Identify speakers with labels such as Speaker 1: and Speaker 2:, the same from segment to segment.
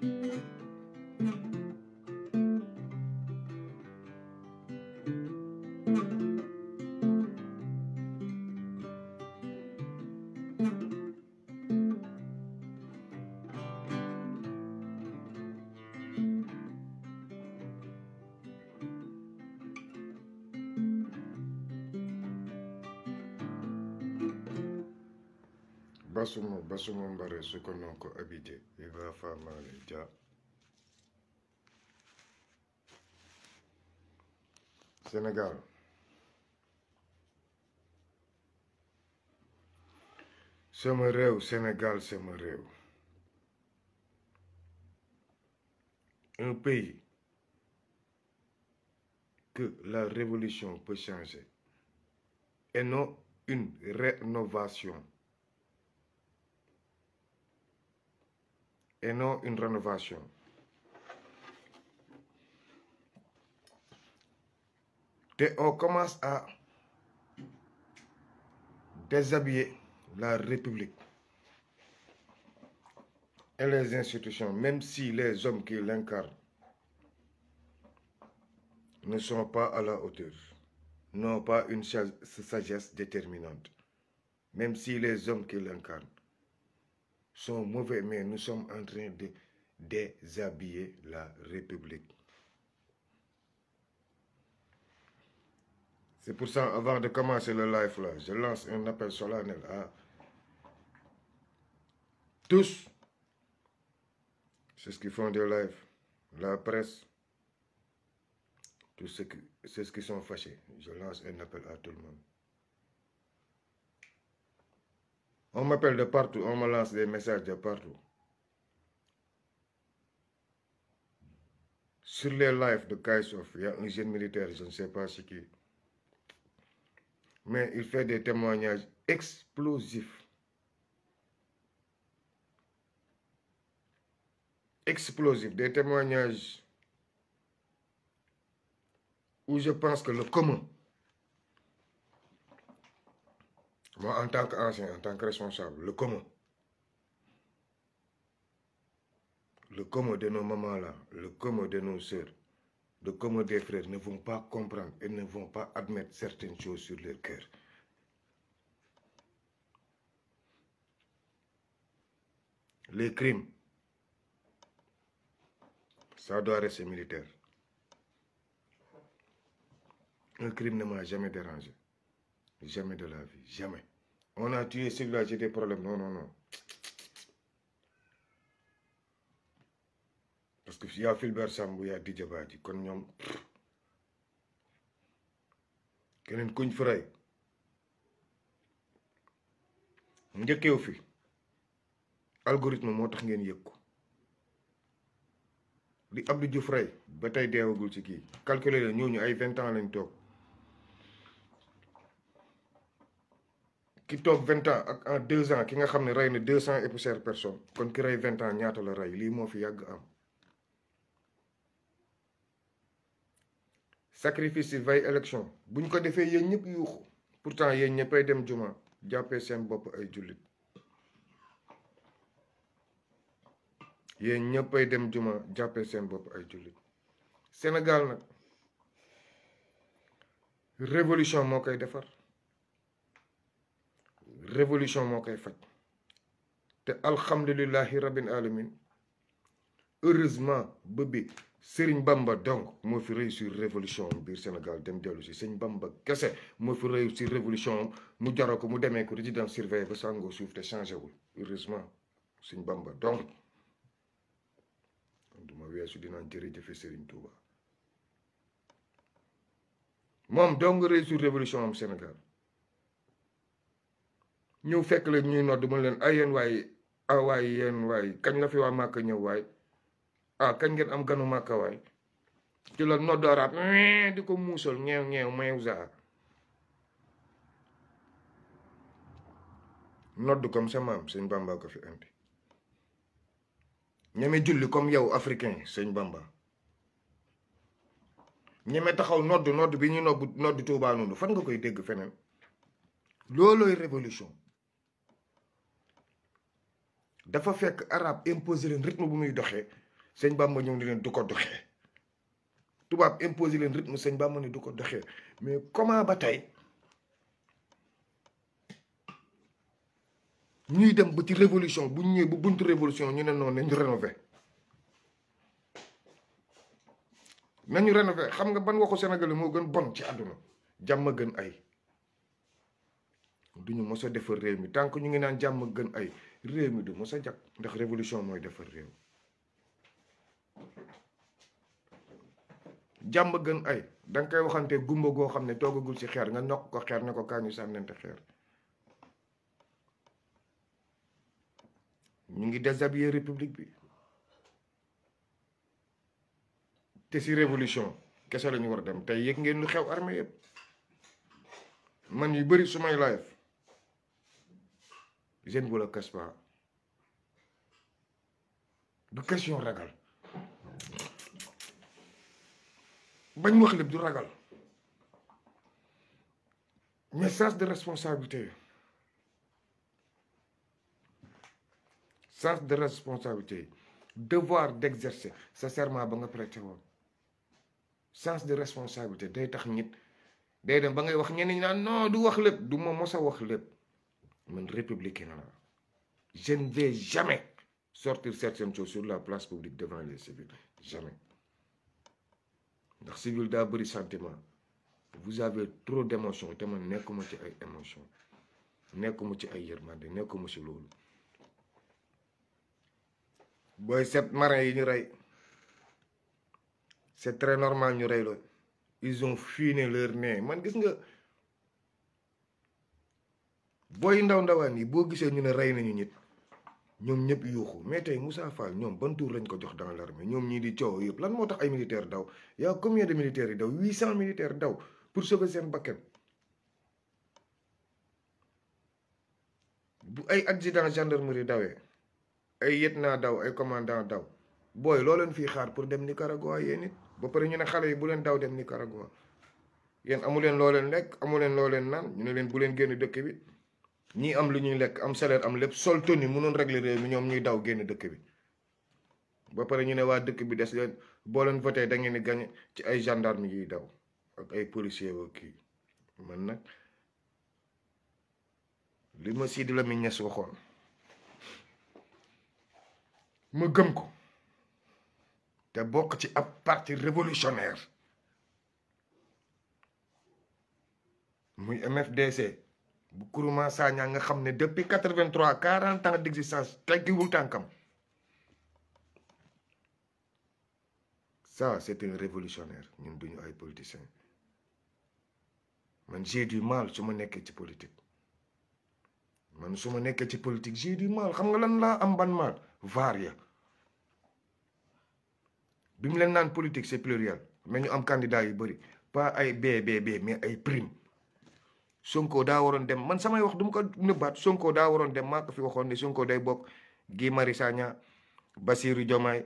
Speaker 1: thank you basumo basumo mbare suko non ko abide wiba famale dia sénégal sama réew sénégal sama réew un pays que la révolution peut changer et non une rénovation et non une rénovation. Et on commence à déshabiller la République et les institutions, même si les hommes qui l'incarnent ne sont pas à la hauteur, n'ont pas une sagesse déterminante, même si les hommes qui l'incarnent sont mauvais, mais nous sommes en train de déshabiller la République. C'est pour ça, avant de commencer le live là, je lance un appel solennel à tous. C'est ce qui font des live, la presse, tous ceux ceux qui sont fâchés. Je lance un appel à tout le monde. On m'appelle de partout, on me lance des messages de partout. Sur les lives de Kaisof, il y a un jeune militaire, je ne sais pas ce qui. Mais il fait des témoignages explosifs. Explosifs, des témoignages où je pense que le commun moi en tant qu'ancien en tant que responsable le commun le commun de nos mamans là le commun de nos sœurs le commun des ne vont pas comprendre et ne vont pas admettre certaines choses sur leur cœur les crimes ça doit rester militaire un crime ne m'a jamais dérangé Jamais de la vie, jamais. On a tué celui-là, j'ai des problèmes. Non, non, non. Parce qu'il y a Philbert Sambou, il y a Didier Badi. Quand nous keneen kuñ fi rey njëkkeew fi algorithme moo tax ngeen yëg ko li Abdou Diouf rey ba tey deewagul ci kii calculer la ñooñu ay vingt ans lañ toog ki toog vingt ans ak en deux ans ki nga xam ne rey na deux cent et poussière kon ki rey vingt ans ñaata la rey lii moo fi yàgg am sacrifice yi veille élection buñ ko defee yéen ñëpp yuuxu pourtant yéen ñëppay dem juma jàppee seen bopp ay jullit yéen ñëppay dem juma jàppee seen bopp ay jullit Sénégal nag révolution moo koy defar révolution moo koy faj te alhamdulillahi rabbil alamin heureusement ba bi Sëriñ Bamba donc moo fi réussir révolution biir Sénégal dem dellu si sëñ Bamba kese moo fi réussir révolution mu jaro ko mu demee ko résidence surveillé ba sàngoo suuf te changé wul heureusement sëñ Bamba donc duma weesu dinaa jërëjëfe Sëriñ Tuuba moom donc réussir révolution am Sénégal ñëw fekk la ñu nodd mën leen ay yéen waay a ah waay yéen waay kañ la fi waa màkka ñëw waay ah kañ ngeen am ganu màkka waay ci la nodd arab di ko muusal ñeew ñeew meew saa nodd comme sa maam sëñ bamba ko fi indi ñeme julli comme yow africain sëñ bamba ñeme taxaw nodd nodd bi ñu nodd nodd tuubaa noonu fan nga koy dégg feneen loolooy révolution dafa fekk araab imposé leen rythme bu muy doxee sëñ Bamba ñëw ni leen du ko doxee tubaab imposé leen rythme sëñ Bamba ni du ko doxee mais comment ba tey ñuy dem ba ci révolution bu ñëwee bu buntu révolution ñu ne noonu nañu rénové nañu rénové xam nga ban waxu Sénégal moo gën bon ci àdduna jàmm gën ay duñu mos a defar mi tant ñu ngi naan jàmm gën ay réew mi du mos a jag ndax révolution mooy defar réew jàmm gën ay danga koy waxante gumba goo xam ne toogagul si xeer nga nokk ko xeer ne ko kaa ñu sànnante xeer ñu ngi déshabiller république bi te si révolution kese lañu war a dem tey yëg ngeen lu xew armée yëpp man yu bëri su may live je ne vous le cache question ragal bañ wax lépp du ragal message de responsabilité sens de responsabilité devoir d'exercer sa serment ba nga prêté woon sens de responsabilité day tax nit day dem ba ngay wax ñenn ñi naan non du wax lépp du moom mos wax lépp. man républicain la je ne vais jamais sortir certaines choses sur la place publique devant les civils jamais ndax civil daa bëri sentiment vous avez trop d' émotion te man nekkuma ci ay émotion nekkuma ci ay yërmande nekkuma ci loolu booy sept marins yi ñu rey c' est très normal ñu rey loolu ils ont fui leur nez man gis nga booy ndaw ndawaan yi boo gisee ñu ne rey nañu nit ñoom ñëpp yuuxu mais tey Moussa Fall ñoom bantu tour lañ ko jox dans l'armée ñoom ñii di coow yëpp lan moo tax ay militaire daw yaa combien de yi daw huit cent militaires daw pour sauver seen bakkan bu ay accident gendarmerie ay yet naa daw ay commandant daw booy loo leen fii xaar pour dem ni Nicaragua yéen it ba pare ñu ne xale yi bu leen daw dem Nicaragua yéen amu leen looleen leen lekk amu leen loo leen naan ñu ne leen bu leen génn dëkk bi ñii am lu ñuy lekk am salaire am lépp sol toni mënoon régler réew mi ñoom ñuy daw génn dëkk bi ba pare ñu ne waa dëkk bi des leen boo leen voté da ngeen di gañe ci ay gendarme yiy daw ak ay policier wa kii man nag li ma Sidi Lamine Niass waxoon mu gëm ko te bokk ci ab parti révolutionnaire muy MFDC bu Kourouma Sagna nga xam ne depuis quatre-vingt-trois quarante ans d'existence teggiwul tànkam ça c'est un révolutionnaire ñun duñu ay politicien man j'ai du mal su ma nekkee ci politique man su ma nekkee ci politique j'ai du mal xam nga lan laa am ban mal varia bi mu leen naan politique c'est pluriel mais ñu am candidat yu bëri pa ay BBB mais ay prime Sonko daa waroon dem man samay wax du ma ko nëbbaat Sonko daa waroon dem maa ko fi waxoon ne Sonko day bokk Guy Marius Sagna Bassirou Diomaye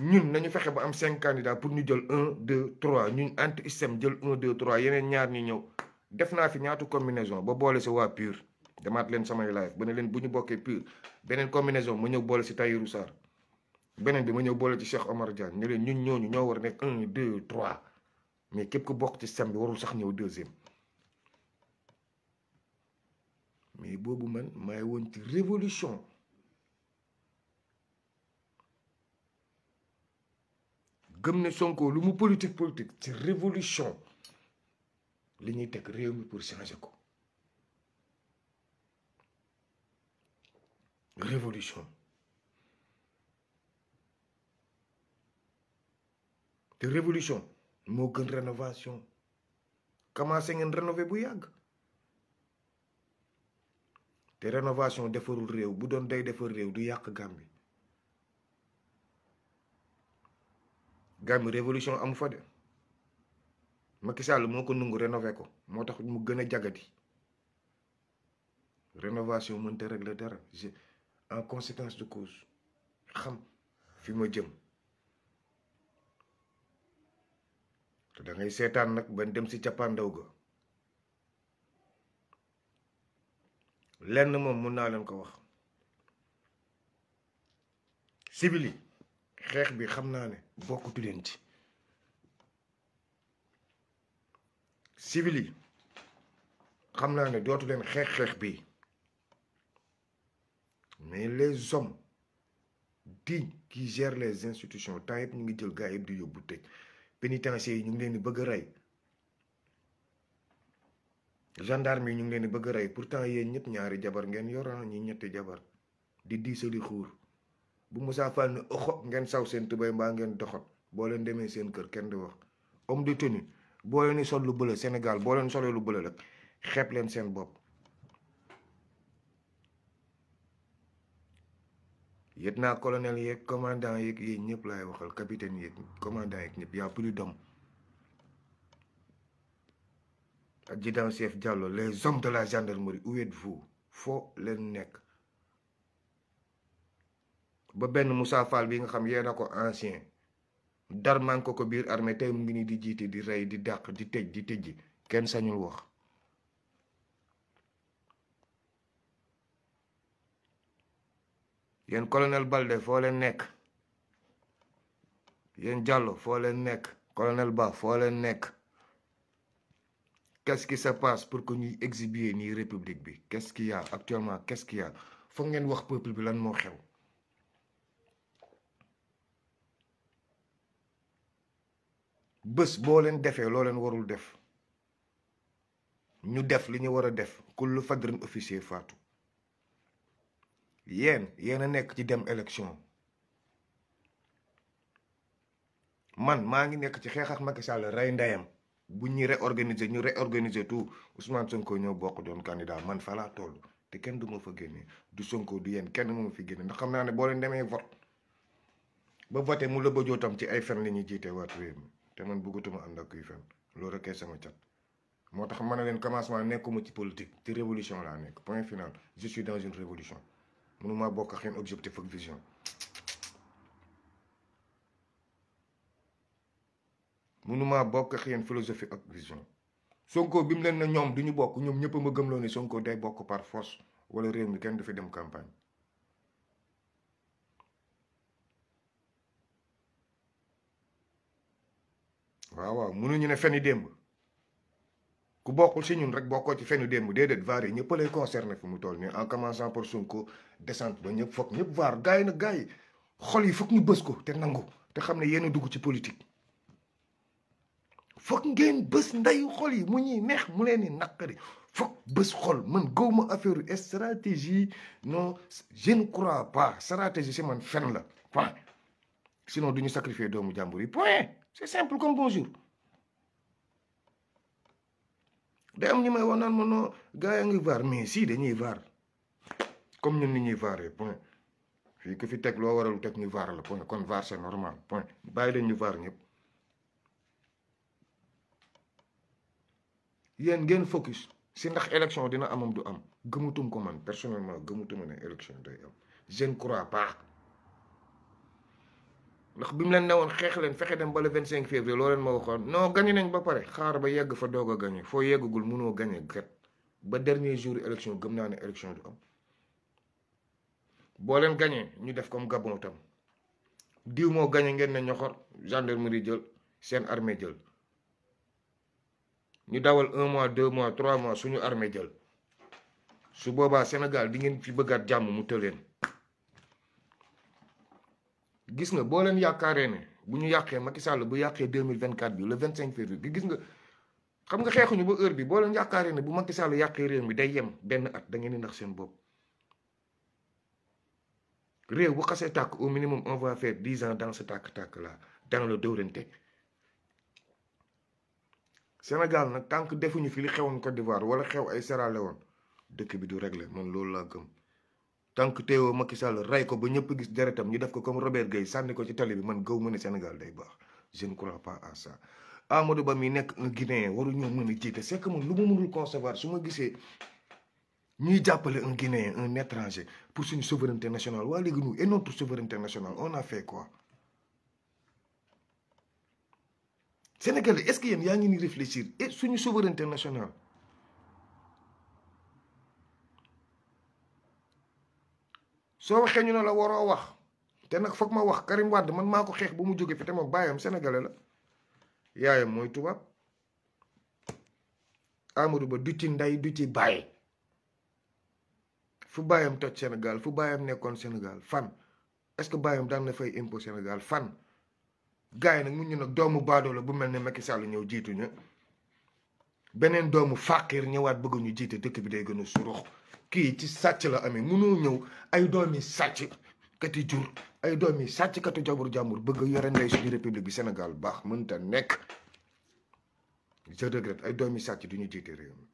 Speaker 1: ñun nañu fexe ba am cinq candidats pour ñu jël un deux trois ñun anti système jël un deux ñaar ñu ñëw def naa fi ñaatu combinaison ba boole si waa demaat leen samay live ba ne leen bu ñu bokkee PUR beneen combinaison ma ñëw boole si Tahirou Sarr beneen bi ma ñëw boole ci Cheikh Omar Diagne ne leen ñun ñooñu ñoo war a nekk un deux trois mais képp ku bokk ci système bi warul sax ñëw deuxième mais boobu man maay woon ci révolution gëm ne Sonko lu mu politique politique ci révolution li ñuy teg réew mi pour changer ko révolution te révolution moo gën rénovation commencé ngeen rénover bu yàgg rénovation rénovation defarul réew bu doon day defar réew du yàq Gàmbi Gàmbi révolution amu fa de Macky Sall moo ko nungu rénové ko moo tax mu gën a jagati rénovation mënta régler dara en conséquence de cause xam fi ma jëm te da seetaan nag ban dem si cappaandaw ga lenn moom mun naa leen ko wax sibili yi xeex bi xam naa ne bokkutu leen ci civil yi xam naa ne dootu leen xeex xeex bi mais les hommes dignes qui gèrent les institutions temps yëpp ñu ngi jël gars yëpp di yóbbu tëj pénitencier yi ñu ngi leen di bëgg a rey gendarme yi ñu ngi leen di bëgg a rey pourtant yéen ñëpp ñaari jabar ngeen yoran ñi ñetti jabar di diisali xuur bu Moussa Fall ne ngeen saw seen tubéy mbaa ngeen doxat boo leen demee seen kër kenn di wax om de tenue boo leen sol lu bële Sénégal boo leen solee lu bële rek xeeb leen seen bopp lieutenant colonel yeeg commandant yeeg yéen ñëpp laay waxal capitaine yeeg commandant yeeg ñëpp y'a plus d'hommes adjudant chef Diallo les hommes de la gendarmerie où êtes-vous foo leen nekk ba benn Moussa Fall bi nga xam yee na ko ancien darman ko ko biir armée mu ngi nii di jiite di rey di dàq di tëj di tëjji kenn sañul wax yéen colonel Balde foo leen nekk yéen Diallo foo leen nekk colonel Ba foo leen nekk qu'est-ce qui se passe pour que ñuy exhiber nii république bi qu'est-ce actuellement qu'est-ce foog ngeen wax peuple bi lan moo xew bés boo leen defee loo leen warul def ñu def li ñu war a def kullu fadrin officier faatu yéen yéen a nekk ci dem élection man maa ngi nekk ci xeex ak Macky Sall rey ndeyam bu ñu réorganiser ñu réorganiser tout Ousmane Sonko ñoo bokk doon candidat man fa laa toll te kenn du ma fa génne du Sonko du yéen kenn moo fi génne ndax xam naa ne boo leen demee vote ba voté mu la ba jootam ci ay fen li ñuy jiite waat réew mi te man bëggatuma ànd ak kuy fen loolu rek sama cat moo tax ma ne leen commencement nekkuma ci politique ci révolution laa nekk point final je suis dans une révolution mënuma bokk ak yéen objectif ak mënuma bokk ak yéen philosophie ak vision Sonko bi leen na ñoom du ñu bokk ñoom ñëpp a ma gëmloo ne Sonko day bokk par force wala réew mi kenn du fi dem campagne. waaw waaw mënuñu ne fenn démb ku bokkul si ñun rek bokkoo ci fenn démb déedéet vaar yi ñëpp lay concerné fu mu toll nii en commençant par Sonko descente ba ñëpp foog ñëpp vaar gars yi nag yi xol yi foog ñu bës ko te nangu te xam ne yéen a dugg ci politique. foog ngeen bés ndeyu xool yi mu ñuy neex mu leen di naqari foog bés xol man gawma affaire yu stratégie non je ne crois pas stratégie si man fen la point sinon du ñu sacrifier doomu jàmbur yi point c'est simple comme bonjour day am ñu may wax naan ma non gars yaa ngi vaar mais si dañuy vaar comme ñun ni ñuy vaaree point fii ku fi teg loo waral teg ñu vaar la point kon vaar c'est normal point bàyyi leen ñu vaar ñëpp. yéen ngeen focus si ndax élection dina amam du am gëmutum ko man personnellement gëmutuma ne élection day am jeune ne crois ndax bi mu leen woon xeex leen fexe dem ba le 25 février loo leen moo waxoon non gañe nañ ba pare ba yegg fa doog a gañe foo yeggagul munoo gañe gat ba dernier jour élection gëm naa ne élection du am boo leen gañee ñu def comme Gabon tam diw moo gañe ngeen ne ñoxor gendarmerie jël seen armée jël ñu dawal un mois deux mois trois mois suñu armée jël su boobaa Sénégal di ngeen fi bëggaat jàmm mu tëleen gis nga boo leen yaakaaree ne bu ñu yàqee Macky Sall bu yàqee deux mille vingt quatre bi le vingt cinq février gis nga xam nga xeexuñu ba heure bi boo leen yaakaaree ne bu Macky Sall yàqee réew mi day yem benn at da ngeen seen bopp. réew bu xasee tàkk au minimum on va faire dix ans dans ce tàkk-tàkk là dans le dóorante. Sénégal nag tant que defuñu fi li xewoon Côte d'Ivoire wala xew a Sierra Leone dëkk bi du réglé man loolu laa gëm. tant que Théo Macky Sall rey ko ba ñëpp gis deretam ñu def ko comme Robert sànni ko ci tali bi man gaw ma ne Sénégal day baax je ne crois pas à ça. Amadou Ba mi nekk un Guinéen waruñoo mën a jiite c'est que man lu ma mënul concevoir su ma gisee ñuy jàppale un Guinéen un étranger pour suñu souveraineté nationale waa léegi nous et notre souveraineté on a fait quoi. Sénégalais est-ce que yéen yaa ngi ni réfléchir et suñu souveraineté nationale soo waxee ñu ne la waroo wax te nag foog ma wax Karim Wade man maa ko xeex ba mu jóge fi te moom baayam sénégalais la yaayam mooy tubaab Amadou Ba du ci ndey du ci bàyyi fu baayam toj Sénégal fu baayam nekkoon Sénégal fan est-ce que baayam daan na fay impôt Sénégal fan gars yi nag mun ñu nag doomu baadoola bu mel ne Macky Sall ñëw jiitu ñu beneen doomu fàqir ñëwaat bëgg ñu jiit dëkk bi day gën a surux kii ci sàcc la amee munoo ñëw ay doomi sàcc kati jur ay doomi sàcc kati jabur jàmbur bëgg yore ndey suñu république bi Sénégal baax mënta nekk je regrette ay doomi sàcc du ñu jiite réew mi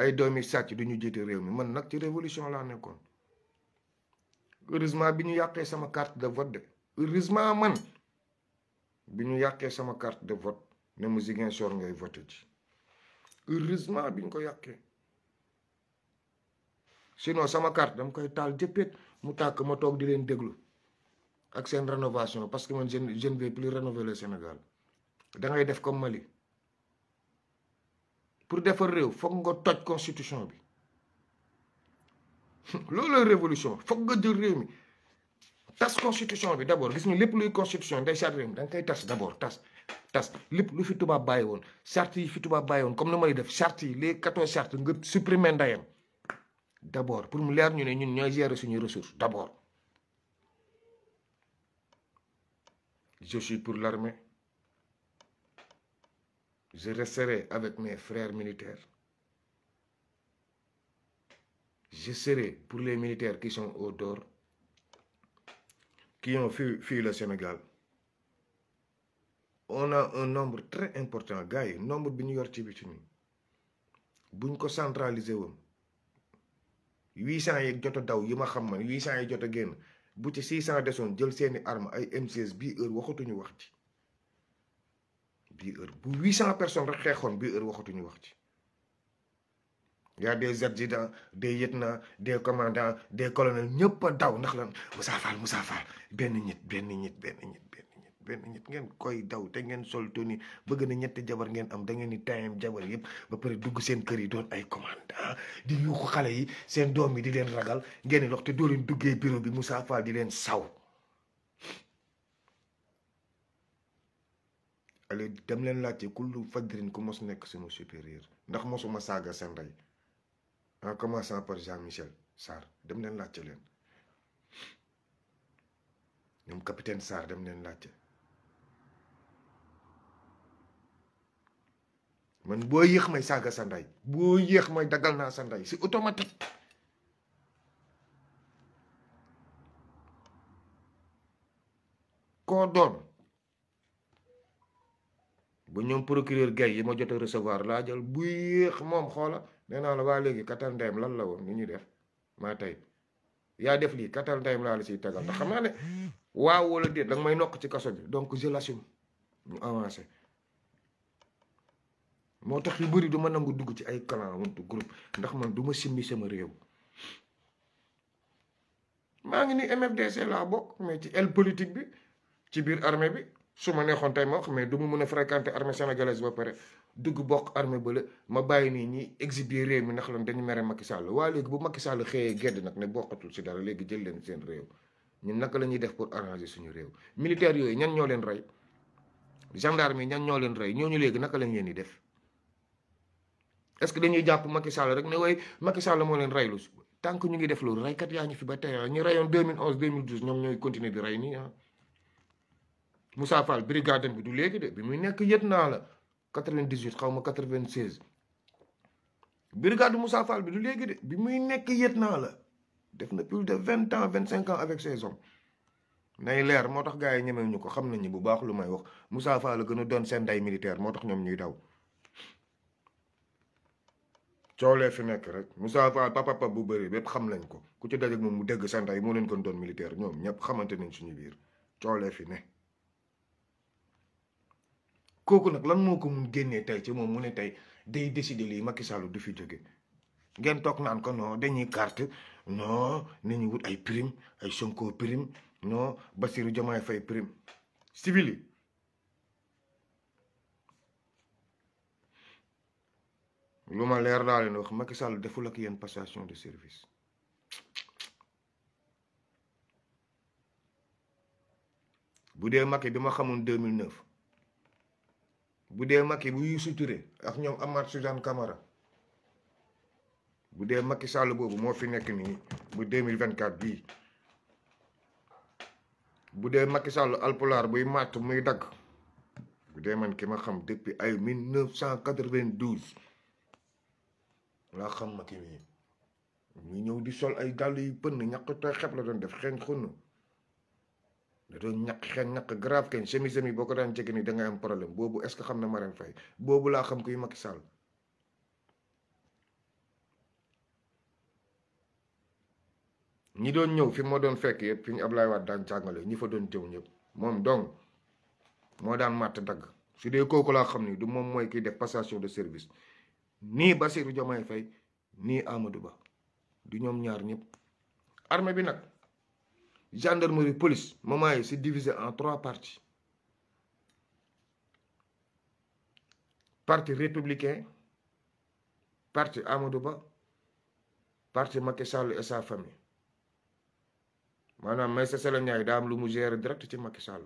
Speaker 1: ay doomi sàcc du ñu jiite réew mi man nag ci révolution laa nekkoon heureusement bi ñu yàqee sama carte de vote de heureusement man bi ñu yàqee sama carte de vote ne mu Ziguinchor ngay vote ji heureusement bi ñu ko yàqee sinon sama carte dama koy taal jëppét mu tàkk ma toog di leen déglu ak seen rénovation parce que man je ne vais plus rénover le Sénégal da ngay def comme Mali pour defar réew foog nga toj constitution bi loolooy révolution foog nga jël réew mi tas constitution bi d' abord gis nga lépp luy constitution day charte réew mi da nga koy tas d' abord tas tas lépp lu fi tubaab bàyyi woon charte yi fi tubaab bàyyi woon comme ni may def charte le les quatorze chartes nga supprimer ndayam d' abord pour mu leer ñu ne ñun ñooy gérer suñuy ressources d' abord je suis pour l'armée je resterai avec mes frères militaires Je serai pour les militaires qui sont au dehors, qui fi fii la Sénégal. On a un nombre très important gars yi nombre bi ñu yor ci biti nii buñ ko centraliser woon huit cent yi jot a daw yi ma xam man huit cent yi jot a génn bu ci six cent desoon jël seeni arm ay M16 bii heure waxatuñu wax ci bii heure bu huit cent personnes rek xeexoon bii heure waxatuñu wax ci. y a des adjudants des lieutenants des commandant des colonels ñëpp a daw ndax lan Moussa Fall Moussa Fall benn nit benn nit benn nit benn nit ngeen koy daw te ngeen sol tenue bëgg na ñetti jabar ngeen am da ngeen di tayam jabar yëpp ba pare dugg seen kër yi doon ay commandant di yuuxu xale yi seen doom yi di leen ragal ngeen di lox te doo leen duggee bureau bi Moussa Fall di leen saw ale dem leen laajte kullu fadrin ku mos nekk suñu supérieur ndax mosuma saaga seen rey en ah, commençant par Jean-Michel Sarr dem leen laajte leen ñoom capitaine Sarr dem leen laajte man boo yéex may saaga sa ndey boo yéex may daggal naa sa ndey si automatique koo bu ñoom procureur gay yi ma jot a recevoir laa jël buy yéex moom xoola nee naa la waa léegi katal ndeyam lan la woon ñu ñuy def ma tey yaa def lii katal ndeyam laa la siy tegal te xam naa ne waaw wala déet danga may nokk ci kaso bi donc je l'assume ñu moo tax yu bëri du ma nangu dugg ci ay clan wante groupe ndax man du ma simmi sama réew maa ngi ni MFDC laa bokk mais ci aile politique bi ci biir armée bi su ma neexoon tey ma wax mais du ma mun a fréquenter armée sénégalaise ba pare dugg bokk armée bële ma bàyyi nii ñi exhiber réew mi ndax lan dañu mere Macky Sall waa léegi bu Macky Sall xëyee gedd nag ne bokkatul si dara léegi jël leen seen réew ñun naka la ñuy def pour arranger suñu réew militaires yooyu ñan ñoo leen rey gendarme yi ñan ñoo leen rey ñooñu léegi naka lañ leen di def est-ce que dañuy jàpp Macky Sall rek ne way Macky Sall moo leen rey lu tant ñu ngi def loolu reykat yaa fi ba tey ah, ñu reyoon ñoom ñooy continuer di rey nii ah Moussa Fall brigade bi du léegi de bi muy nekk yët naa la 98 xaw ma 96 brigade Moussa Fall bi léegi bi muy nekk yët naa la def na plus de vingt ans vingt cinq ans avec ses hommes nay leer moo tax gars yi ñemew ñu ko xam nañu bu baax lu may wax Moussa Fall gën a doon seen day militaire moo tax ñoom ñuy daw coolee fi nekk rek Moussa papa papa bu bëri bépp xam nañ ko ku ci dajeeg moom mu dégg seen day moo leen gën doon militaire ñoom ñëpp xamante nañ suñu biir coolee fi ne kooku nag lan moo ko mun génnee tey ci moom mu ne tey di décider lii Macky Sall du fi jóge ngeen toog naan ko non dañuy carte non nañu wut ay prime ay Sonko prime non Bassirou Diomaye Faye prime civil yi lu ma leer daa leen wax Macky Sall deful ak yéen passation de service bu dee Macky bi ma xamoon 2009 bu dee Macky bu Youssou Touré ak ñoom Amath Suzanne Camara bu dee Macky Sall boobu moo fi nekk nii bu vingt 2024 bii bu dee Macky Sall alpulaar buy màtt muy dagg bu dee man ki ma xam depuis ay 1992 laa xam Macky mii muy ñëw di sol ay dàll yu pënn ñàkk tooy xeb la doon def xeeñ xunn da doon ñaq xeen ñaq grave kañ chemise yi boo ko daan jege ni da am problème boobu est-ce que xam na Marème Faye boobu laa xam kuy Macky Sall ñi doon ñëw fi moo doon fekk yëpp fi ñu Ablaye daan jàngale ñi fa doon jëw ñëpp moom donc moo daan màtt dagg su dee kooku laa xam ni du moom mooy kiy def passation de service nii Bassirou Diomaye Faye nii Amadou Ba du ñoom ñaar ñëpp armée bi nag gendarmerie police moment yi c'est divisé en trois parties parti républicain parti Amadou Ba parti Macky Sall et sa famille maanaam Maïssa Sall Ndiaye daa daam lu mu gérer direct ci Macky Sall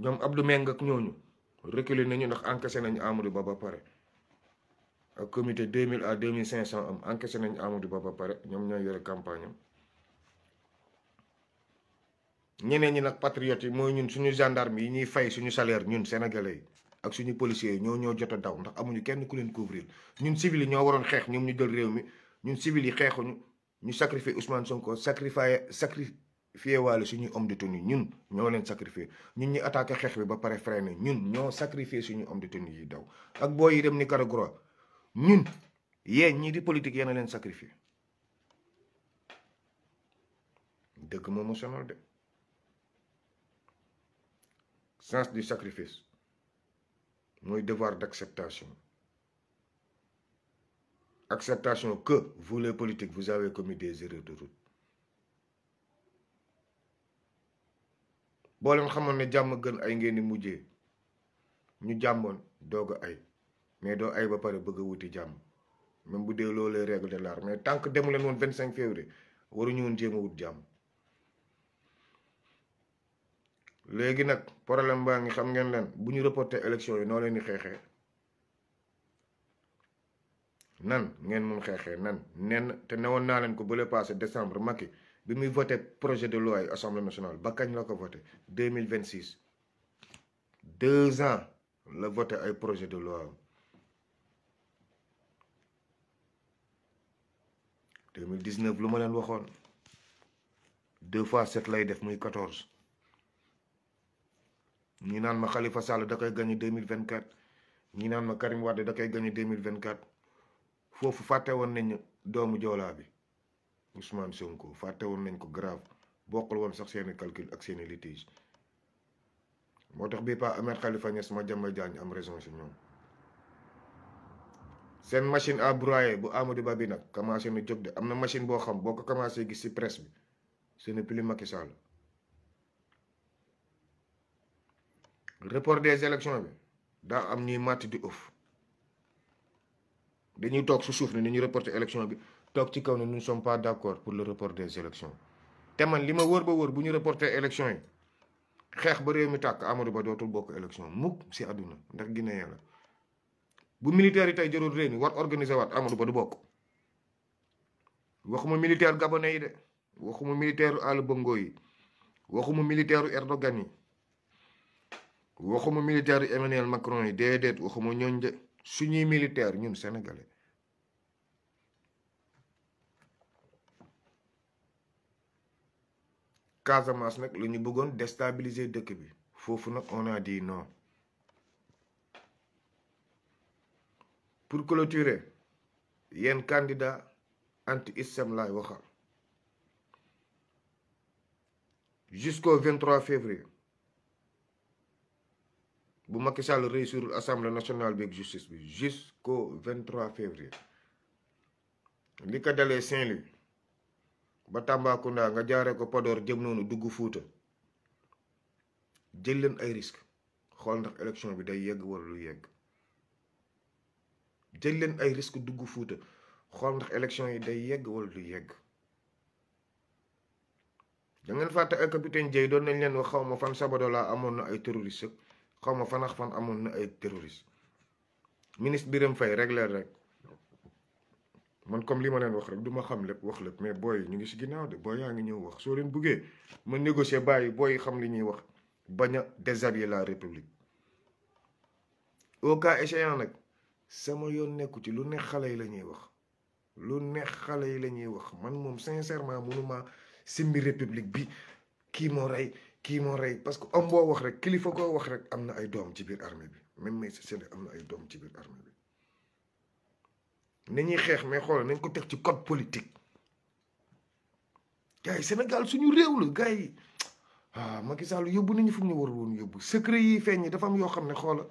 Speaker 1: ñoom Abdou Meng ak ñooñu reculer nañu ndax encaissé nañu Amadou Ba ba pare. ak comité deux mille à deux mille cinq cent am encaissé nañu Amadou Ba ba pare ñoom ñooy yore campagne am ñeneen ñi nag patriotes yi mooy ñun suñu gendarme yi ñuy fay suñu salaire ñun sénégalais ak suñu policiers yi ñoo ñoo jot a daw ndax amuñu kenn ku leen couvrir ñun civil yi ñoo waroon xeex ñoom ñu jël réew mi ñun civil yi xeexuñu ñu sacrifier Ousmane Sonko sacrifier sacrifier waale suñuy homme de tenue ñun ñoo leen sacrifier ñun ñu attaqué xeex bi ba pare freiné ñun ñoo sacrifier suñu homme de tenue yi daw ak boo yi dem ni Nicaragua ñun yéen ñii di politique yéen a leen sacrifié dëgg moomu sonal de sens du sacrifice mooy devoir d'acceptation acceptation que vous les politiques vous avez commis des erreurs de route boo leen xamoon ne jàmm gën ay ngeen di mujjee ñu jàmboon doog ay mais doo ay ba pare bëgg a wuti jàmm même bu dee loolee règle de laar mais tant que demu leen woon vingt cinq février waruñu woon jéema a wut jàmm léegi nag problème baa ngi xam ngeen leen bu ñu reporté élection yi noo leen di xeexee nan ngeen mun xeexee nan nen te newoon naa leen ko bële passé décembre Macky bi muy voté projet de loi yi assemblée nationale ba kañ la ko voté deux mille vingt six deux ans la voté ay projet de loi deux mille dix neuf lu ma leen waxoon deux fois sept lay def muy quatorze ñi naan ma xalifa Sall da koy gagné deux mille vingt quatre ñi naan ma Karim Wade da koy gañu deux mille vingt quatre foofu fàtte woon nañu doomu joolaa bi Ousmane Sonko fàtte woon nañ ko grave bokkul woon sax seeni calcul ak seeni litige moo tax bii pa Ahmed Khalifa Niass ma jàmba jaañ am raison si seen machine à broyer bu Amadou Ba bi nag commencé na jóg de am na machine boo xam boo ko commencé gis ci presse bi ce n'est plus Macky Sall report des élections bi daa am ñuy màtt di ëf dañuy toog su suuf ni ni ñu reporter élection bi toog ci kaw ne nous ne pas d'accord pour le report des élections te man li ma wër ba wër bu ñu reporter élection yi xeex ba réew mi tàkk Amadou Ba dootul bokk élection mukk si àdduna ndax Guinée la bu militaire yi tey jëloon réew mi war organiser waat Amadou Ba du bokk waxuma militaire gabonais yi de waxuma militaire Ali Bongo yi waxuma militaire Erdogan yi waxuma militaire Emmanuel Macron yi déedéet waxuma ñooñ de suñuy militaire ñun senegale Casamance nag la ñu bëggoon déstabiliser dëkk bi foofu nag on a dit pour clôturer yéen candidat anti système laay waxal jusqu'au 23 février bu Macky Sall réussir assemblée nationale bi ak justice bi jusqu'au 23 février li ko dalee Saint-Louis ba Tambacounda nga jaaree ko Podor jëm noonu dugg Fuuta jël leen ay risque xool ndax élection bi day yegg wala lu yegg jël leen ay risque dugg fuuta xool ndax élection yi day yegg wala du yegg dangeen ngeen fàtte ak capitaine Dieye doon nañ leen wax xaw ma fan Sabadola amoon na ay terroriste xaw ma fan fan amoon na ay terroriste ministre Birame Faye rek leen rek man comme li ma leen wax rek du ma xam lépp wax lépp mais booy ñu ngi si ginnaaw de booy yaa ngi ñëw wax soo leen buggee ma négocier bàyyi booy xam li ñuy wax bañ a déshabiller la république au cas échéant nag. sama yoon nekku ci lu neex xale yi la ñuy wax lu neex xale yi la ñuy wax man moom sincèrement mënuma simbi république bi kii moo rey kii moo rey parce que homme wax rek kilifa koo wax rek am na ay doom ci biir armée bi même mais Sénégal am na ay doom ci biir armée bi nañuy xeex mais xoolal nañ ko teg ci code politique gars yi suñu réew la gars yi ah Macky Sall yóbbu nañu fu ñu war woon yóbbu secret yi feeñ dafa am yoo xam ne xoola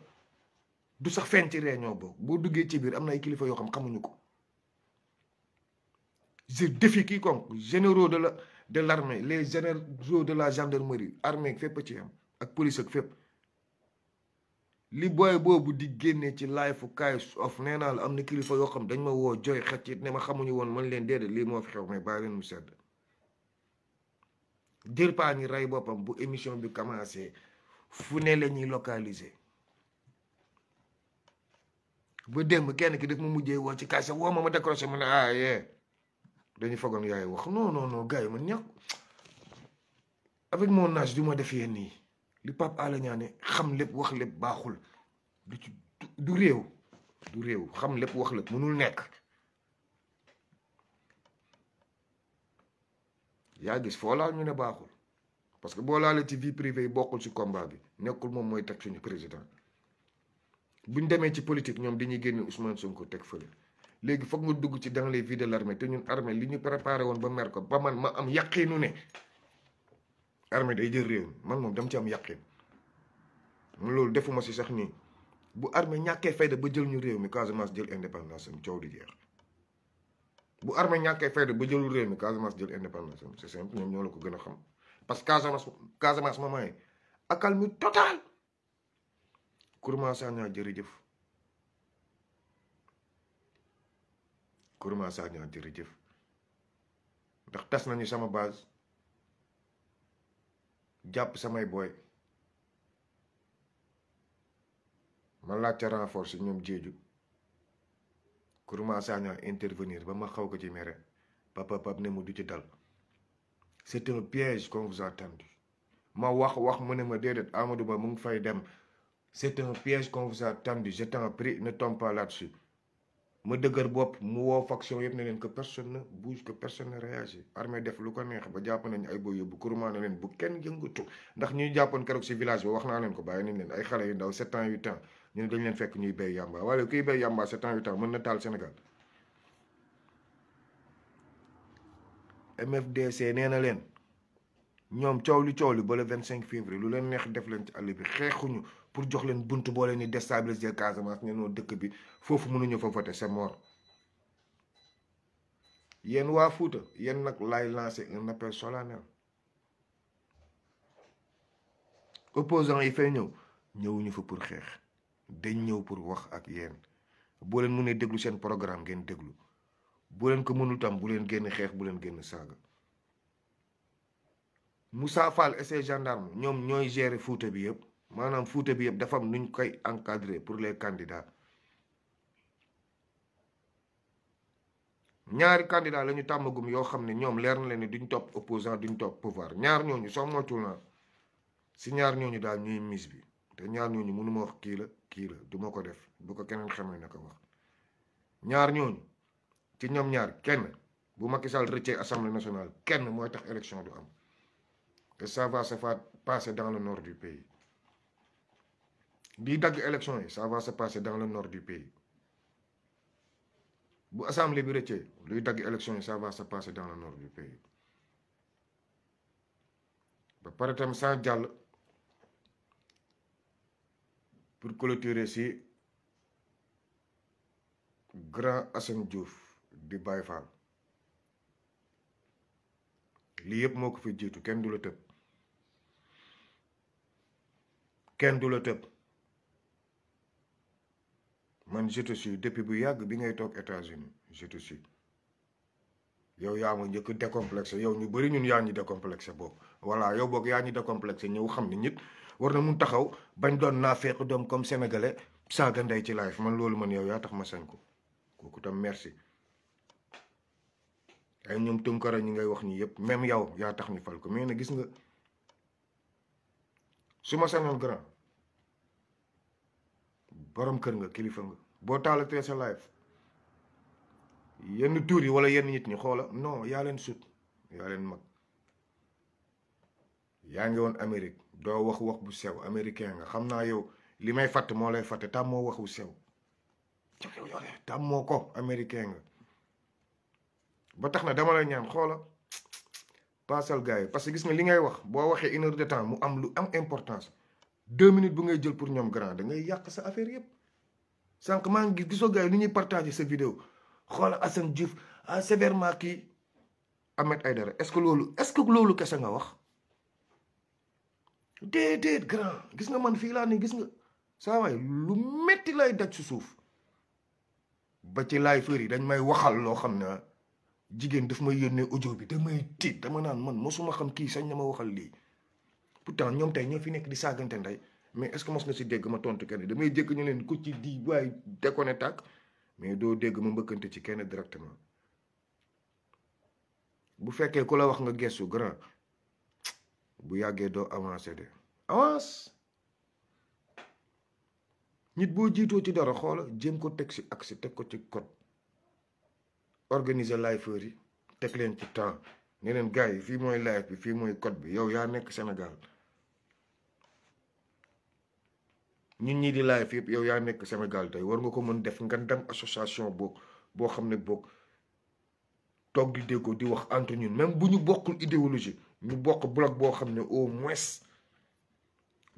Speaker 1: du sax fenn ci réunion boobu boo duggee ci biir am na ay kilifa yoo xam xamuñu ko je défie quiconque généraux de la de l' armée les de la gendarmerie armée fépp ci am ak police ak fépp li booy boobu di génnee ci live Kayz Off nee naa la am na kilifa yoo xam dañ ma woo jooy xeccit ne ma xamuñu woon man leen déedéet lii moo fi xew mais baa leen mu sedd dir ngi rey boppam bu émission bi commencé fu ne la ñuy localiser ba démb kenn ki daf ma mujjee woo ci kaasa woo ma ma décroché ma ne ah yee dañu fagoon yaay wax non non non gars yi man ñàkk avec mon âge du ma def yéen nii li Pape ale Niang ne xam lépp wax lépp baaxul du ci du réew du réew xam lépp wax lépp mënul nekk yaa gis foo laal ñu ne baaxul parce que boo laalee ci vie privée yi si ci combat bi nekkul moom mooy teg suñu président buñ demee ci politique ñoom dañuy génne Ousmane Sonko teg fële léegi foog nga dugg ci dans les vies de te ñun armée li ñu préparé woon ba mer ko ba man ma am yàqiinu ne armée day jël réew man moom dama ci am yàqiin loolu defuma si sax nii bu armée ñàkkee fayda ba jël ñu réew mi Casamance jël indépendance am coow di jeex bu armée ñàkkee fayda ba jëlul réew mi Casamance jël indépendance am ñoom ñoo la ko gën a xam parce que Casamance Casamance ma maye accalmie totale Kourouma Sagna jërëjëf Kourouma Sagna jërëjëf ndax tas nañu sama base jàpp samay booy ma laajte renfort si ñoom jeeju Kourouma Sagna intervenir ba ma xaw ko ci mere papa pap ne mu du ci dal c'est un piège qu'on vous a ma wax wax mu ne ma déedéet Amadou Ba mu ngi fay dem c'est un piège qu'on vous a tendu ma dëgër bopp mu woo faction yëpp ne leen que personne ne bouge que personne ne réagit def lu ko neex ba jàpp nañ ay boy yóbbu kuruma ne leen bu kenn yëngatu ndax ñuy jàppoon keroog ci village bi wax naa leen ko bàyyi nañ leen ay xale yu ndaw sept ans huit ans ñu ne dañ leen fekk ñuy béy yàmba wala kuy béy yàmba sept ans huit ans mën na taal Sénégal MFDC nee na leen ñoom coow li coow li ba le vingt cinq février lu leen neex def leen ci àll bi xeexuñu pour jox leen bunt boo leen di déstabiliser Casamance ne noo dëkk bi foofu mënuñu fa voter c'est mort waa Fuuta yéen nag lay lancé un appel solennel opposants yi fay ñëw ñëwuñu fa pour xeex dañ ñëw pour wax ak yéen boo leen mënee déglu seen programme ngeen déglu bu leen ko mënul tam bu leen génn xeex bu leen génn saaga Moussa Fall et ses ñoom ñooy gérer Fuuta bi yëpp maanaam fuute bi yëpp dafa am nuñ koy encadrer pour les candidats ñaari candidat la ñu tàmmagum yoo xam ne ñoom leer na leen ni duñ topp opposant duñ top pouvoir ñaar ñooñu soo moytuwul naa si ñaar ñooñu daal ñuy mise bi te ñaar ñooñu mënuma wax kii kii du ma ko def bu ko kene xamee na ko wax ñaar ñooñu ci ñoom ñaar kenn bu Macky Sall rëccee assemblée nationale kenn mooy tax élection du am et ça va se faire passer dans le nord du pays bii dagg élection yi ça va se passer dans le nord du pays bu assemblée bi rëccee luy dagg élection yi ça va se passer dans le nord du pays ba pare tam sans jàll pour clôturer si grand Assane Diouf di Baye Fall lii yëpp moo ko fi jiitu kenn du la tëb kenn du la tëb man je te suis depuis bu yàgg bi ngay toog États-Unis je te suis yow yaa ma njëkk décomplexé yow ñu bëri ñun yaa ñu décomplexé boobu voilà yow boog yaa ñu décomplexé ñëw xam ne nit war na mun taxaw bañ doon naa feeq doom comme sénégalais saaga ndey ci live man loolu man yow yaa tax ma sañ ko kooku tam merci ay ñoom tunkara ñi ngay wax ñi yëpp même yow yaa tax ñu fal ko mais na gis nga su ma sañoon grand borom kër nga kilifa nga boo taalatee sa live yenn tuur yi wala yenn nit ñi xoola non yaa leen sut yaa leen mag yaa ngi woon Amérique doo wax wax bu sew américain nga xam naa yow li may fatt moo lay fatte tàmmoo wax bu sew tàmmoo ko américain nga ba tax na dama lay ñaan xoola paasal gars yi parce que gis nga li ngay wax boo waxee une de temps mu am lu am importance deux minutes bu ngay jël pour ñoom grand da ngay yàq sa affaire yëpp sànq maa ngi gisoo gars yi nu ñuy partager sa vidéo xoola Assane Diouf ah sévèrement kii Ahmed Aïdara est-ce que loolu est loolu kese nga wax déedéet grand gis nga man fii laa ni gis nga saa waay lu metti lay daj si suuf ba ci laay fër yi dañ may waxal loo xam ne jigéen daf may yónnee audio bi damay tiit dama naan man mosuma xam kii sañ na ma waxal lii pourtant ñoom tey ñoo fi nekk di saagante ndey mais est-ce que mos nga si dégg ma tontu kenn damay jëkk ñu leen ko ci di waaye déconné tàkk mais doo dégg ma mbëkkante ci kenn directement bu fekkee ku la wax nga gestu grand bu yàggee doo avancé de avance nit boo jiitoo ci dara xoola jéem ko teg si aksi teg ko ci code organiser live yi teg leen ci temps ne leen gars yi fii mooy live bi fii mooy code bi yow yaa nekk senegal ñun ñii di live yëpp yow yaa nekk Sénégal tey war nga ko mën def nga dem association boog boo xam ne boog toog di déggoo di wax entre ñun même bu ñu bokkul idéologie ñu bokk bloc boo xam ne au moins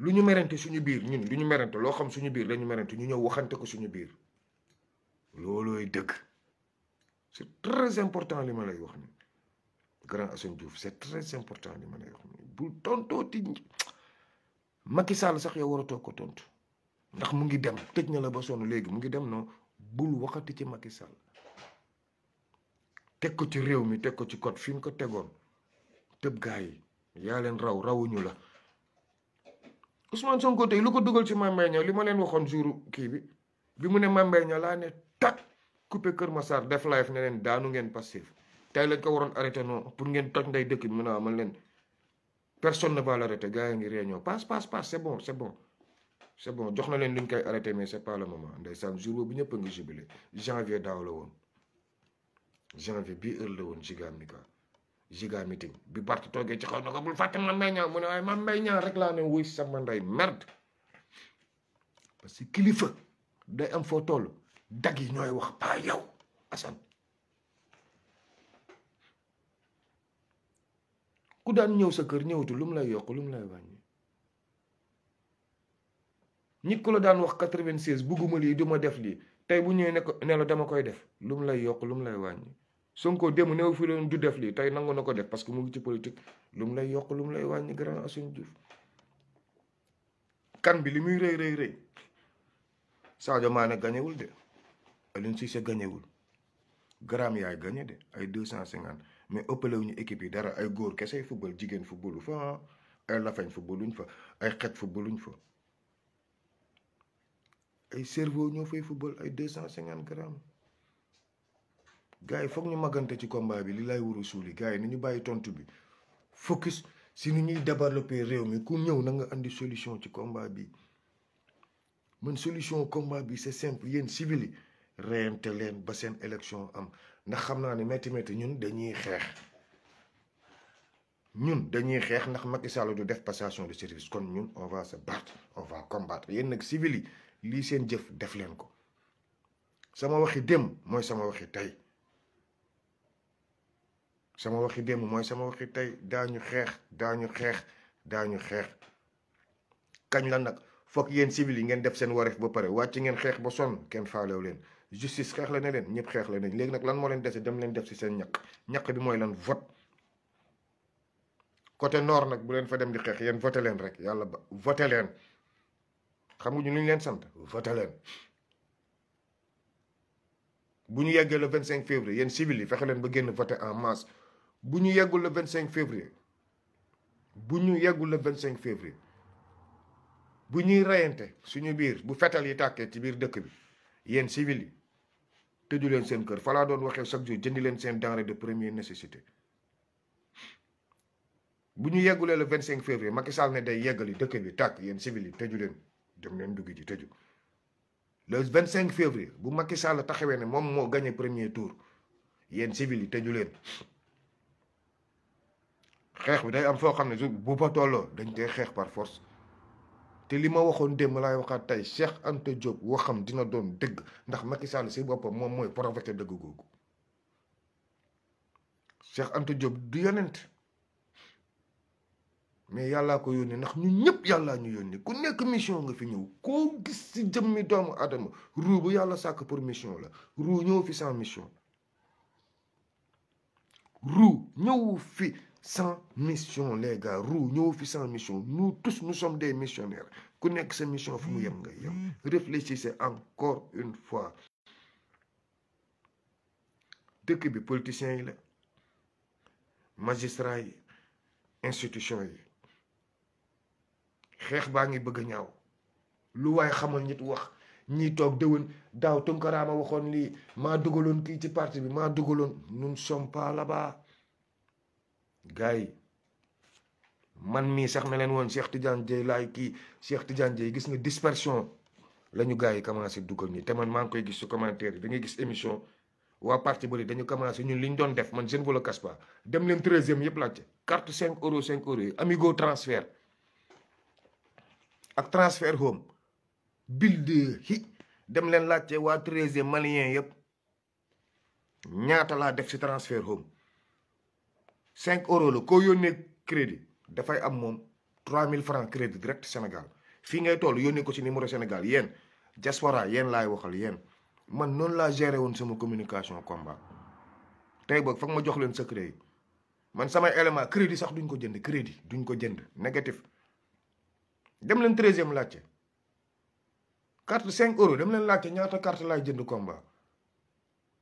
Speaker 1: lu ñu merante suñu biir ñun lu ñu merante loo xam suñu biir lañu merante ñu ñëw waxante ko suñu biir loolooy dëgg c'est très important li ma lay wax ni grand Assane Diouf c'est très important li ma lay wax ni bu tontooti Macky Sall sax yow waratoo ko tontu. ndax mu ngi dem tëj na la ba sonn léegi mu ngi dem non bul waxati ci Macky Sall teg ko ci réew mi teg ko ci code fi mu ko tegoon tëb gaa yi yaa leen raw rawuñu la Ousmane Sonko tey lu ko dugal ci Mame Mbaye Niang li ma leen waxoon jour kii bi bi mu ne Mame Mbaye Niang laa ne tak coupé Kër Massar def live ne leen daanu ngeen passif tey lañ ko waroon arrêté non pour ngeen toj nday dëkk bi mu ne man leen personne ne va l'arrêter gaa yi ngi réunion passe passe passe c'est bon c'est bon jox na leen luñ koy arrêté mais c'est pas le moment ndeysaan jour boobu ñëpp a ngi jubilé janvier daaw la woon janvier bii heure la woon giga mika giga bi Bart toogee ci xaw na ko bul fàtte Mame Mbaye Niang mu ne waaye Mame Mbaye rek laa ne wuy sama ndey merde que kilifa day am foo toll dag yi ñooy wax ku daan ñëw sa kër ñëwatu lu mu lay yokk lu mu nit ku la daan wax quatre-vingt-seize bugguma lii du ma def lii tey bu ñëwee ne ko ne la dama koy def lu mu lay yokk lu mu lay wàññi Sonko démb néew fi doon du def lii tey nangu na ko def parce que mu ngi ci politique lu mu lay yokk lu mu lay wàññi grand Assane Diouf kan bi li muy rëy rëy rëy Sadio Mané gañewul de Aliou Cissé gañewul gram yaay gañe de ay deux cent cinquante mais ëppale wuñu équipe yi dara ay góor kese football jigéen footballu fa ay lafañ footballuñ fa ay xet footballuñ fa ay cerveau ñoo fay football ay deux cent cinquante grammes gars yi foog ñu magante ci combat bi li lay wuru suuli gars yi ni ñu bàyyi tontu bi focus si ni ñuy développer réew mi ku ñëw nanga indi solution ci combat bi man solution combat bi c'est simple yéen civil yi reyante leen ba seen élection am ndax xam naa ni métti métti ñun dañuy xeex ñun dañuy xeex ndax Macky Sall du def passation de service kon ñun on va se battre on va combattre yéen nag civil yi lii seen jëf def leen ko sama waxi démb mooy sama waxi tey sama waxi démb mooy sama waxi tey daañu xeex daañu xeex daañu xeex kañ la nag foog yéen civil yi ngeen def seen wareef ba pare wàcc ngeen xeex ba sonn kenn faalew leen justice xeex la ne leen ñëpp xeex la ne léegi nag lan moo leen dese dem leen def si seen ñaq ñaq bi mooy lan vote coté nord nag bu leen fa dem di xeex yéen voté leen rek yàlla ba voté leen xam nga ñu lu ñu leen sant voté leen bu ñu yeggee le vingt cinq février yéen civil yi fexe leen ba génn voté en masse bu ñu yeggul le vingt cinq février bu ñu yeggul le vingt cinq février bu ñuy reyante suñu biir bu fetal yi tàkkee ci biir dëkk bi yéen civil yi tëju leen seen kër falaa doon waxee chaque jour jëndi leen seen denrée de première nécessité bu ñu yeggulee le vingt cinq février Macky Sall ne day yeggali dëkk bi tàkk yéen civil yi tëju leen dem leen dugg ji tëju le cinq février bu Macky Sall taxawee ne moom moo gagné premier tour yéen civil yi tëju leen xeex bi day am foo xam ne su bu fa tolloo dañ koy xeex par force te li ma waxoon démb laay waxaat tey Cheikh Anta woo xam dina doon dëgg ndax Macky Sall si boppam moom mooy provoqué dëgg googu Cheikh Anta Diop du yonent mais yàlla ko yónni ndax ñun ñëpp yàllaa ñu yónni ku nekk mission nga fi ñëw koo gis ci jëmmi doomu adama ruu bu yàlla sàkk pour mission la ruu ñëw fi sans mission ruu ñëw fi sans mission les gars ruu ñëw fi sans mission nous tous nous sommes des missionnaires ku nekk sa mission fu mu yem nga yem réfléchissez encore une fois dëkk bi politiciens yi la magistrats yi institution yi xeex baa ngi bëgg ñaaw lu waaye xamal nit wax ñii toog déwén daaw a waxoon lii maa dugaloon kii ci parti bi maa dugaloon nun sommes pas là-bas gars yi man mii sax ne leen woon Cheikh Tidiane Dieye laay kii Cheikh Tidiane Dieye gis nga dispersion la ñu gars yi commencé dugal nii te man maa ngi koy gis su commentaire yi da ngay gis émission waa parti bëri dañu commencé ñun li ñu doon def man je ne vous le cache dem leen treizième yëpp laa carte cinq euros cinq euros yi amigo transfert ak transfert home bilde hi dem leen laajte waa treizième malien yëpp ñaata laa def si transfert home cinq euros la koo yónnee crédit dafay am moom trois mille francs crédit direct Sénégal fii ngay toll yónnee ko si numéro Sénégal yéen diaspora yéen laay waxal yéen man noonu laa géré woon sama communication combat tey boog foog ma jox leen secret yi man samay élément crédit sax duñ ko jënd crédit duñ ko jënd négatif dem leen treizième laajte carte cinq euros dem leen laajte ñaata carte laay jënd combat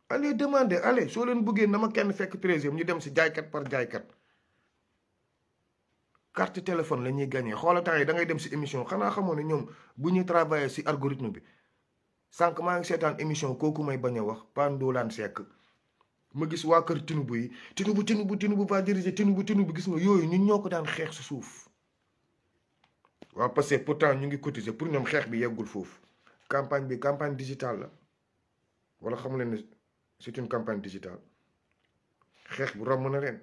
Speaker 1: allez demande allez soo leen buggee na ma kenn fekk treizième ñu dem si jaaykat par jaaykat carte téléphone la ñuy gagné xoola temps yi da ngay dem si émission xanaa xamoo ne ñoom bu ñuy travailler si algorithme bi sànq maa ngi seetaan émission kooku may bañ a wax Pandoolaan Seck ma gis waa kër Tinubu yi Tinubu Tinubu Tinubu va diriger Tinubu Tinubu gis nga yooyu ñun ñoo ko daan xeex si suuf waaw parce que pourtant ñu ngi cotiser pour ñoom xeex bi yeggul foofu campagne bi campagne digitale la wala xamu leen ne c'est une campagne digitale xeex bi romb na ren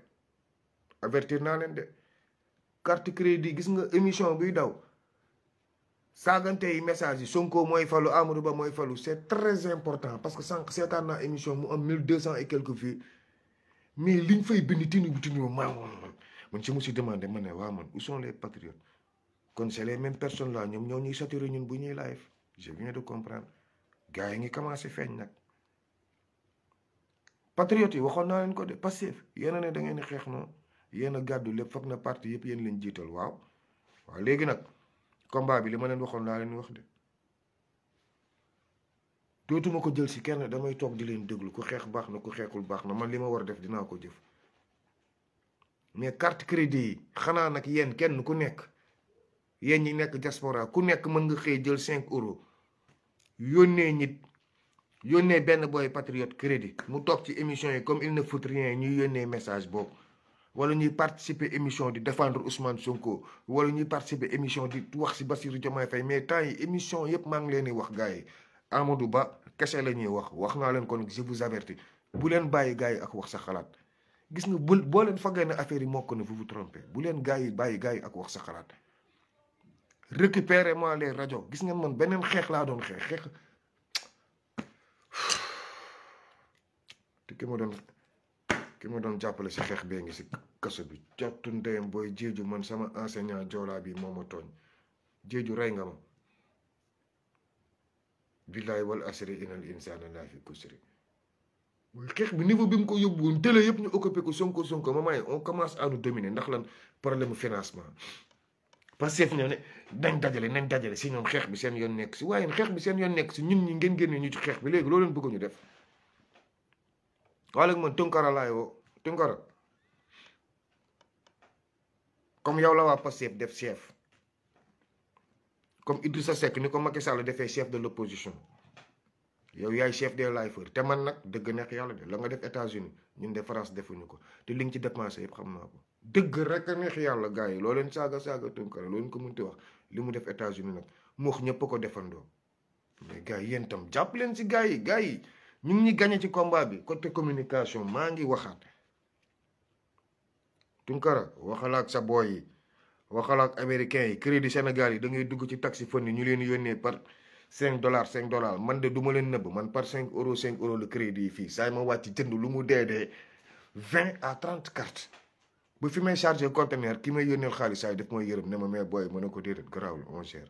Speaker 1: avertir naa leen de carte crédit gis nga émission buy daw saagante yi message yi Sonko mooy falu Amadou Ba mooy falu c'est très important parce que sànq seetaan naa émission mu am mille deux cent et quelques fii mais liñ fay bind tinu bu tinu maam man man si mu si demandé ma ne waa man kon c'est les mêmes personnes là ñoom ñoo ñuy saturé ñun bu ñuy live je viens de comprendre gars yi ngi commencé feeñ nag patriotes yi waxoon naa leen ko de Pastef yéen a ne da ngeen xeex noonu yéen a gàddu lépp foog na parti yëpp yéen leen jiital waaw waaw léegi nag combat bi li ma leen waxoon laa leen wax de dootuma ko jël si kenn damay toog di leen déglu ku xeex baax na ku xeexul baax na man li ma war a def dinaa ko jëf mais carte crédit yi xanaa nag yéen kenn ku nekk yéen ñi nekk diaspora ku nekk mën nga xëy jël cinq euros yónnee nit yónnee benn booy patriote crédit mu toog ci émission yi comme il na faut yi ñuy yónnee message boobu wala ñuy participer émission di défendre Ousmane Sonko wala ñuy participer émission di wax si Bassirou Diomaye fay mais temps yi émission yëpp maa ngi leen di wax gars yi Amadou Ba kese la ñuy wax wax naa leen kon je vous avertis bu leen bàyyi gars yi ak wax sa xalaat gis nga bu boo leen fagee ne affaire yi mokk na vous vous trompez leen gars bàyyi gars yi ak wax sa récupérez moi les rajo gis ngeen man beneen xeex laa doon xeex xeex te ki ma doon ki ma doon jàppale si xeex bee ngi si kaso bi jottu ndeyam booy jéeju man sama enseignant joolaa bi moo ma tooñ jéeju rey nga ma billaay wal asri inal insaana laa fi kusri mooy xeex bi niveau bi mu ko yóbbu woon télé yëpp ñu occupé ko sonko sonko ma may on commence à nous ndax lan problème financement Pastef ñëw ne dañ dajale nañ dajale si ñoom xeex bi seen yoon nekk si waaye xeex bi seen yoon nekk si ñun ñi ngeen génne ñu ci xeex bi léegi loolu leen bëgg ñu def waaye léegi man Tunkara laay woo Tunkara comme yow la waa Pastef def chef comme Idrissa Seck ni ko Macky Sall defee chef de l'opposition yow yaay chef des lifeurs te man nag dëgg neex yàlla de la nga def États-Unis ñun de France defuñu ko te li nga ci dépensé yëpp xam naa ko dëgg rek a neex yàlla gaa yi loo leen saaga saaga Tounkara loo leen ko mënti wax li mu def États-Unis nag moox ñëpp ko defandoo mais gars yi yéen jàpp leen si gars yi gars yi ñu ngi ñi ci combat bi côté communication maa ngi waxaat Tounkara waxalaak sa boy yi waxalaak américains yi crédit Sénégal yi da ngay dugg ci taxi fan yi ñu leen yónnee par cinq dollars cinq dollars man de du ma leen nëbb man par cinq euros cinq euros le crédit yi fii saa ma wàcc jënd lu mu dee dee vingt à trente cartes ba fi may chargé conteneur ki may yónneel xaalis ay daf may yërëm ne ma mais booy mën a ko déedéet garaawul on gère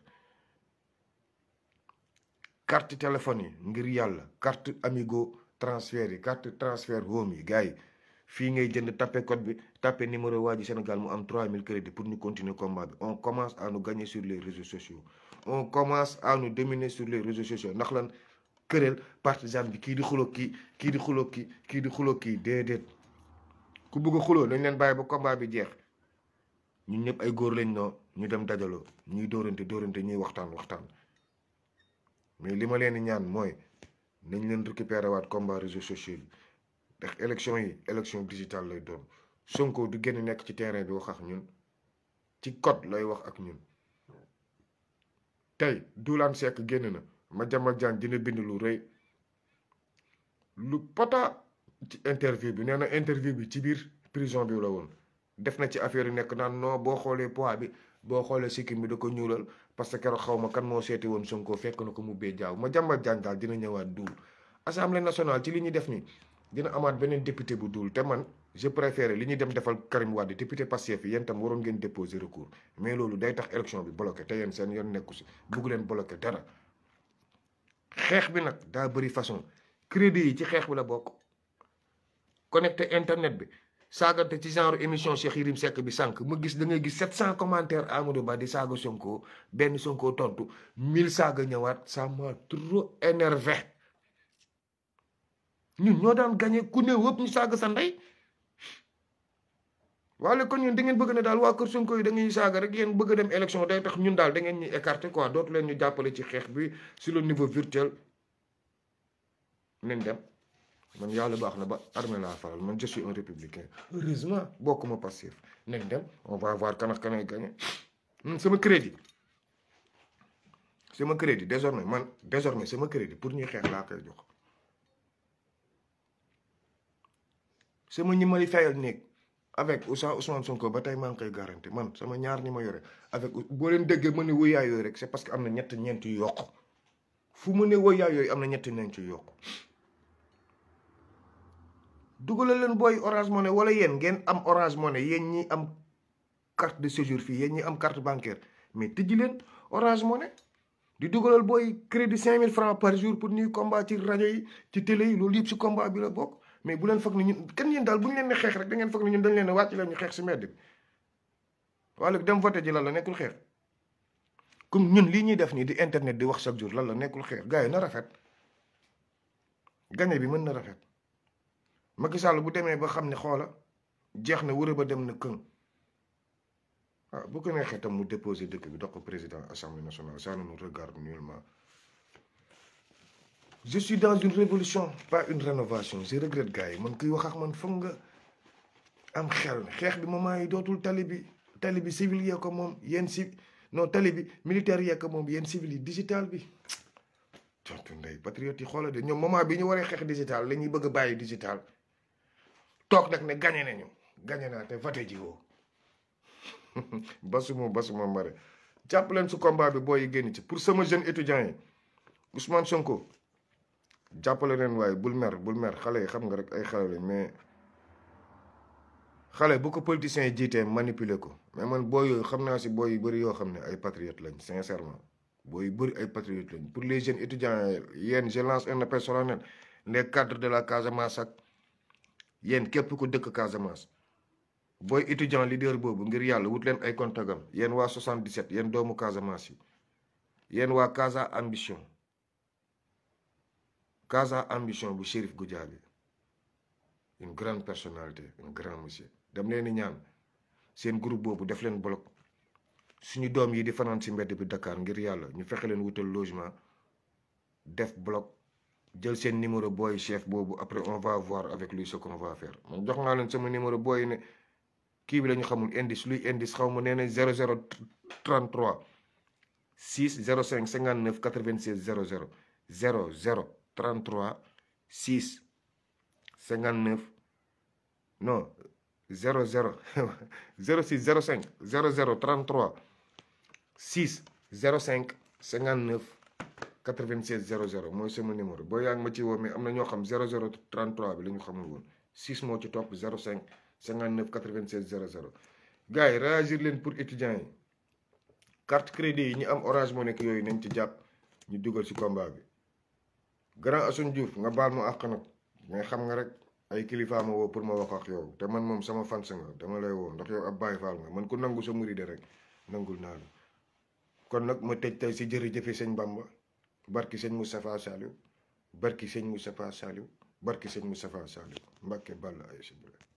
Speaker 1: carte téléphone yi ngir yàlla carte amigo transfert yi carte transfert home yi gars yi fii ngay jënd tapé code bi tapé numéro waa ji Sénégal mu am 3000 crédits pour ñu continuer combat bi on commence à nous gagner sur les réseaux sociaux on commence à nous sur les réseaux sociaux ndax la këreel partisan bi kii di xuloo kii kii di xuloo kii kii di xuloo kii déedéet ku bëgg xuloo dañ leen bàyyi ba combat bi jeex ñun ñëpp ay góor lañ noo ñu dem dajaloo ñuy dóorante dóorante ñuy waxtaan waxtaan mais li ma leen di ñaan mooy nañ leen récupérer waat combat réseaux sociaux yi ndax élection yi élection digitale lay doon Sonko du génn nekk ci terrain bi wax ak ñun ci code lay wax ak ñun tey dulaan sekk génn na ma jamal jaan dina bind lu rëy lu pota ci interview bi nee na interview bi ci biir prison bi la woon def na ci affaire yi nekk naan non boo xoolee pois bi boo xoolee sikkim bi da ko ñuulal parce que keroog xaw ma kan moo seeti woon Sonko fekk na ko mu bee jaaw ma jàmbal jaan daal dina ñëwaat duul. assemblée nationale ci li ñuy def nii dina amaat beneen député bu duul te man je préfère li ñuy dem defal Karim Wade député Pastef yi yéen tam waroon ngeen déposer recours mais loolu day tax élection bi bloqué te yéen seen yoon nekku si bugg leen bloqué dara bi nag daa bëri façon crédit yi ci xeex bi la bokk. connecté internet bi te ci genre émission Cheikh Yérim sekk bi sànq ma gis da ngay gis 700 commentaires Amadou Ba di saaga sonkoo benn Sonko tontu 1000 saaga ñëwaat ça mois trop énervé ñun ñoo daan gagné ku ne wëpp ñu saaga sa ndey wala kon ñun da ngeen bëgg ne daal waa kër Sonko yi da ngeen saaga rek yéen bëgg dem élection day tax ñun daal da ngeen ñuy écarté quoi dootu leen ñu jàppale ci xeex bi sur le niveau virtuel nañ dem. man yàlla baax na ba armée laa faral man je suis un républicain heureusement bokkuma passif nañ dem on va voir kan kan ay sama crédit sama crédit désormais man désormais sama crédit pour ñuy xeex laa kay jox sama ñi may fayal néeg avec Ousmane Ousmane Sonko ba tey maa ngi koy garanti man sama ñaar ñi ma yore avec boo leen déggee ma ne wëyaay yooyu rek c'est parce que am na ñett ñeent yu yokk fu mu ne wëyaay yooyu am na ñetti ñeent yu yokk dugalal leen booy orange ne wala yéen ngeen am orange money yéen ñi am carte de séjour fii yéen ñi am carte bancaire mais tijji leen orange money di dugalal booy crédit mille francs par jour pour ñuy combat ci rajo yi ci télé yi loolu yëpp si combat bi la bokk mais bu leen foog ni ñun kenn yéen daal bu ñu leen ne xeex rek da ngeen foog ni ñun dañ leen ne wàcc leen ñu dem voté ji lan la nekkul xeex comme ñun lii ñuy def nii di internet di wax chaque jour lan la nekkul xeex gars yi na rafet bi mën na rafet Macky Sall bu demee ba xam ne xoola jeex na wërëb ba dem na këng waaw ah, bu ko neexee tam mu déposé dëkk bi dox ko président assemblée nationale ça ne nous regarde nullement je suis dans une révolution pas une rénovation je regrette gars yi man kuy wax ak man foog nga am xel xeex bi moment yi dootul tali bi tali bi civil yee ko moom yéen ci non tali bi militaire yee ko moom yéen civil yi digital bi tontu ndey patriote yi xoola de ñoom moment bi ñu waree xeex digital la ñuy bëgg a bàyyi digital toog nag ne gañe nañu gañe naa te voté ji woo basuma basuma mare jàpp leen su combat bi booy yi génn ci pour sama jeune étudiant yi Ousmane Sonko jàppale leen waaye bul mer bul mer xale yi xam nga rek ay xale lañ mais xale bu ko politiciens yi jiitee manipuler ko mais man booy yooyu xam naa si booy yu bëri yoo xam ne ay patriotes lañ sincèrement booy yu bëri ay patriotes lañ pour les jeunes étudiants yéen je lance un appel solennel les cadres de la Casamance ak yéen képp ku dëkk Casamance booy étudiant leader boobu ngir yàlla wut leen ay contagam yéen waa 77 yéen doomu Casamance yi yéen waa Casa ambition Casa ambition bu Chérif Goudiaby une grande personnalité un grand monsieur dem leen ni ñaan seen groupe boobu def leen bloc suñu doom yi di fanaan si mbedd bi Dakar ngir yàlla ñu fexe leen wutal logement def bloc. jël seen numéro booy chef boobu après on va voir avec lui ce qu'on va faire man jox naa leen sama numéro booy ne kii bi la ñu xamul indice luy indice xaw ma nee na 00 33 6 05 59 96 00 00 33 6 59 non 00 06 05 00 33 6 05 59. 96 00 mooy sama numéro boo yaa ngi ma ci woo mais am na ñoo xam 00 33 bi la ñu xamul woon 6 moo ci topp 05 59 96 00 gars yi réagir leen pour étudiants yi carte crédit yi ñu am orage moo nekk yooyu nañ ci jàpp ñu dugal ci combat bi grand Assane Diouf nga baal ma àq nag mais xam nga rek ay kilifa ma woo pour ma wax yow te man moom sama fans nga dama lay woon ndax yow ab Baay Faal nga ku nangu sa rek nangul naa la kon nag ma tëj tey si jërëjëfe sëñ Bamba barki sëñ Moustapha Saliou barki sëñ Moustapha Saliou barki sëñ Moustapha Saliou Mbàkke Balla ay